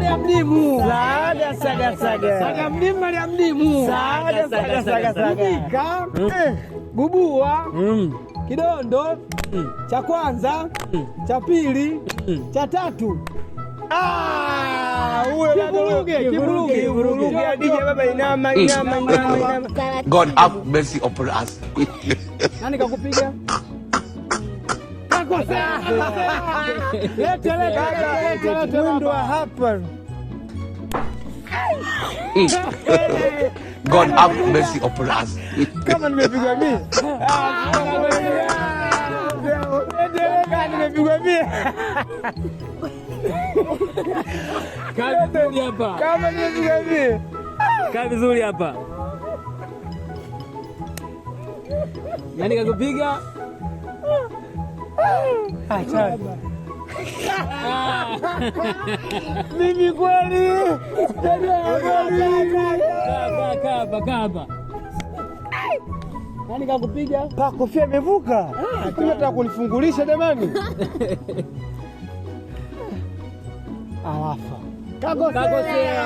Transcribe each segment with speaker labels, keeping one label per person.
Speaker 1: lya mdimu saada saga saga saga mlima lya mdimu saada saga saga saga gubua kidondo mm. cha kwanza mm. cha pili mm. cha tatu God
Speaker 2: have mercy upon us.
Speaker 1: Nani kakupiga? umekosea. nimepigwa Kaa vizuri hapa. Nani kakupiga? mimi kweli kaba nani kakupiga pakofia imevuka nataka kunifungulisha jamani alafa kakosea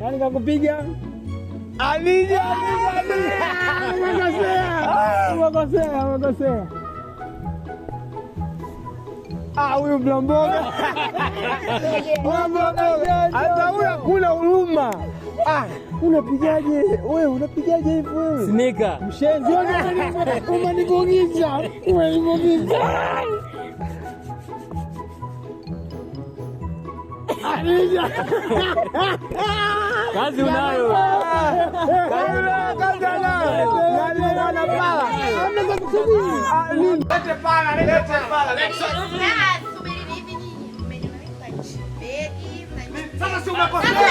Speaker 1: nani kakupiga Alija, alija, umekosea, umekosea, umekosea. Ah, huyu mlamboga hata huyu hakuna huruma. Ah, unapigaje wewe? Unapigaje hivi wewe? Snika mshenzi, umenivugiza, umenivugiza Kazi unayo. Kazi unayo, kazi unayo. Nani unaona pala? Hamna za kusubiri. Nini? Lete pala, lete pala. Subiri hivi nyinyi. Mmeniweka chibegi. Sasa si unakosea.